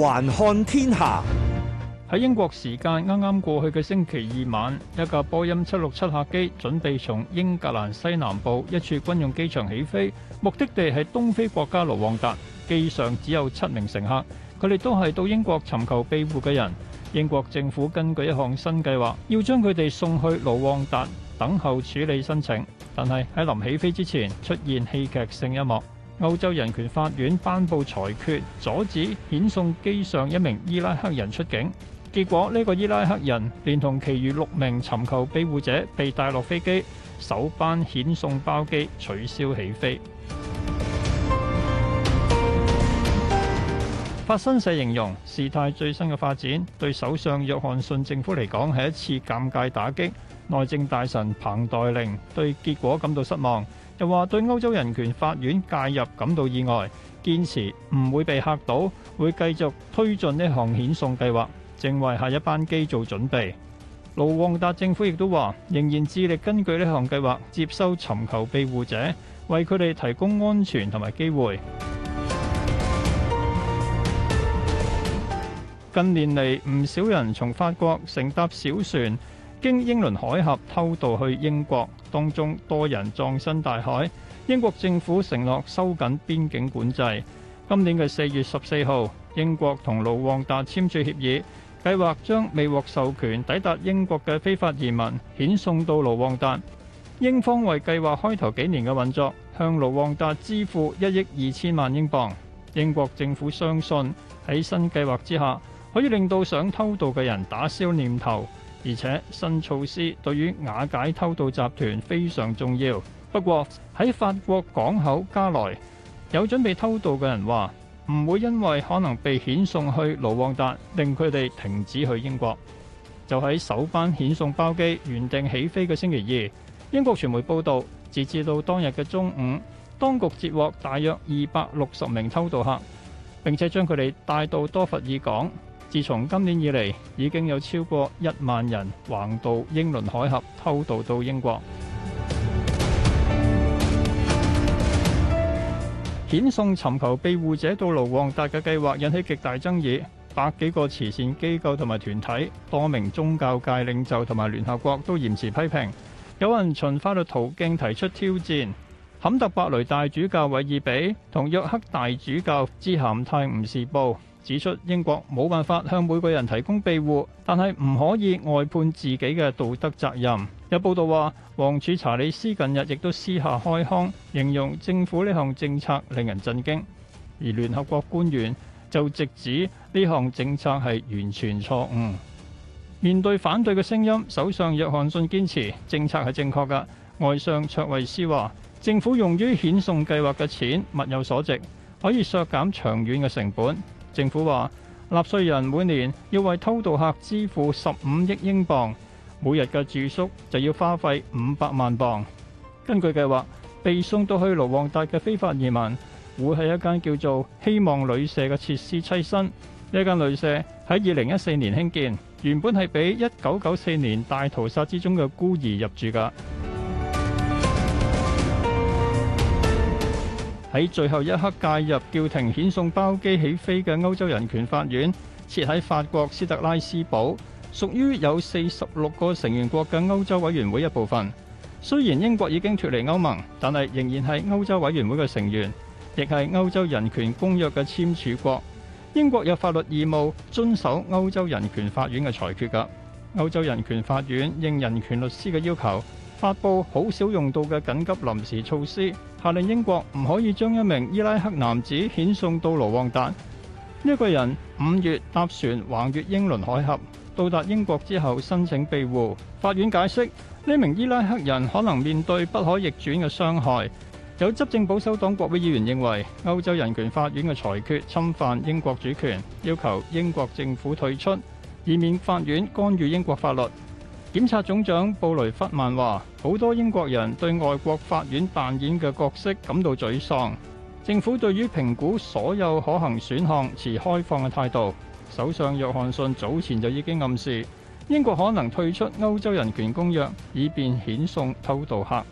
環看天下，喺英國時間啱啱過去嘅星期二晚，一架波音七六七客機準備從英格蘭西南部一處軍用機場起飛，目的地係東非國家盧旺達。機上只有七名乘客，佢哋都係到英國尋求庇護嘅人。英國政府根據一項新計劃，要將佢哋送去盧旺達等候處理申請，但係喺臨起飛之前，出現戲劇性一幕。歐洲人權法院頒布裁決，阻止遣送機上一名伊拉克人出境，結果呢個伊拉克人連同其餘六名尋求庇護者被帶落飛機，首班遣送包機取消起飛。法新社形容事態最新嘅發展對首相約翰遜政府嚟講係一次尷尬打擊，內政大臣彭黛玲對結果感到失望。又話對歐洲人權法院介入感到意外，堅持唔會被嚇到，會繼續推進呢項遣送計劃，正為下一班機做準備。盧旺達政府亦都話，仍然致力根據呢項計劃接收尋求庇護者，為佢哋提供安全同埋機會。近年嚟，唔少人從法國乘搭小船，經英倫海峽偷渡去英國。當中多人葬身大海。英國政府承諾收緊邊境管制。今年嘅四月十四號，英國同盧旺達簽署協議，計劃將未獲授權抵達英國嘅非法移民遣送到盧旺達。英方為計劃開頭幾年嘅運作，向盧旺達支付一億二千萬英鎊。英國政府相信喺新計劃之下，可以令到想偷渡嘅人打消念頭。而且新措施對於瓦解偷渡集團非常重要。不過喺法國港口加萊，有準備偷渡嘅人話唔會因為可能被遣送去盧旺達，令佢哋停止去英國。就喺首班遣送包機原定起飛嘅星期二，英國傳媒報導，截至到當日嘅中午，當局截獲大約二百六十名偷渡客，並且將佢哋帶到多佛爾港。自從今年以嚟，已經有超過一萬人橫渡英倫海峽偷渡到英國。遣 送尋求庇護者到盧旺達嘅計劃引起極大爭議，百幾個慈善機構同埋團體，多名宗教界領袖同埋聯合國都嚴詞批評。有人循法律途徑提出挑戰。坎特伯雷大主教韋爾比同約克大主教致函泰晤士報。指出英國冇辦法向每個人提供庇護，但係唔可以外判自己嘅道德責任。有報道話，王儲查理斯近日亦都私下開腔，形容政府呢項政策令人震驚。而聯合國官員就直指呢項政策係完全錯誤。面對反對嘅聲音，首相約翰遜堅持政策係正確嘅。外相卓慧思話：政府用於遣送計劃嘅錢物有所值，可以削減長遠嘅成本。政府話，納稅人每年要為偷渡客支付十五億英鎊，每日嘅住宿就要花費五百萬鎊。根據計劃，被送到去盧旺達嘅非法移民會係一間叫做希望旅社嘅設施棲身。呢間旅社喺二零一四年興建，原本係俾一九九四年大屠殺之中嘅孤兒入住㗎。喺最後一刻介入叫停遣送包機起飛嘅歐洲人權法院，設喺法國斯特拉斯堡，屬於有四十六個成員國嘅歐洲委員會一部分。雖然英國已經脫離歐盟，但係仍然係歐洲委員會嘅成員，亦係歐洲人權公約嘅簽署國。英國有法律義務遵守歐洲人權法院嘅裁決㗎。歐洲人權法院應人權律師嘅要求，發布好少用到嘅緊急臨時措施，下令英國唔可以將一名伊拉克男子遣送到盧旺達。呢一個人五月搭船橫越英倫海峽，到達英國之後申請庇護。法院解釋，呢名伊拉克人可能面對不可逆轉嘅傷害。有執政保守黨國會議員認為，歐洲人權法院嘅裁決侵犯英國主權，要求英國政府退出，以免法院干預英國法律。檢察總長布雷弗曼話：好多英國人對外國法院扮演嘅角色感到沮喪。政府對於評估所有可行選項持開放嘅態度。首相約翰遜早前就已經暗示英國可能退出歐洲人權公約，以便遣送偷渡客。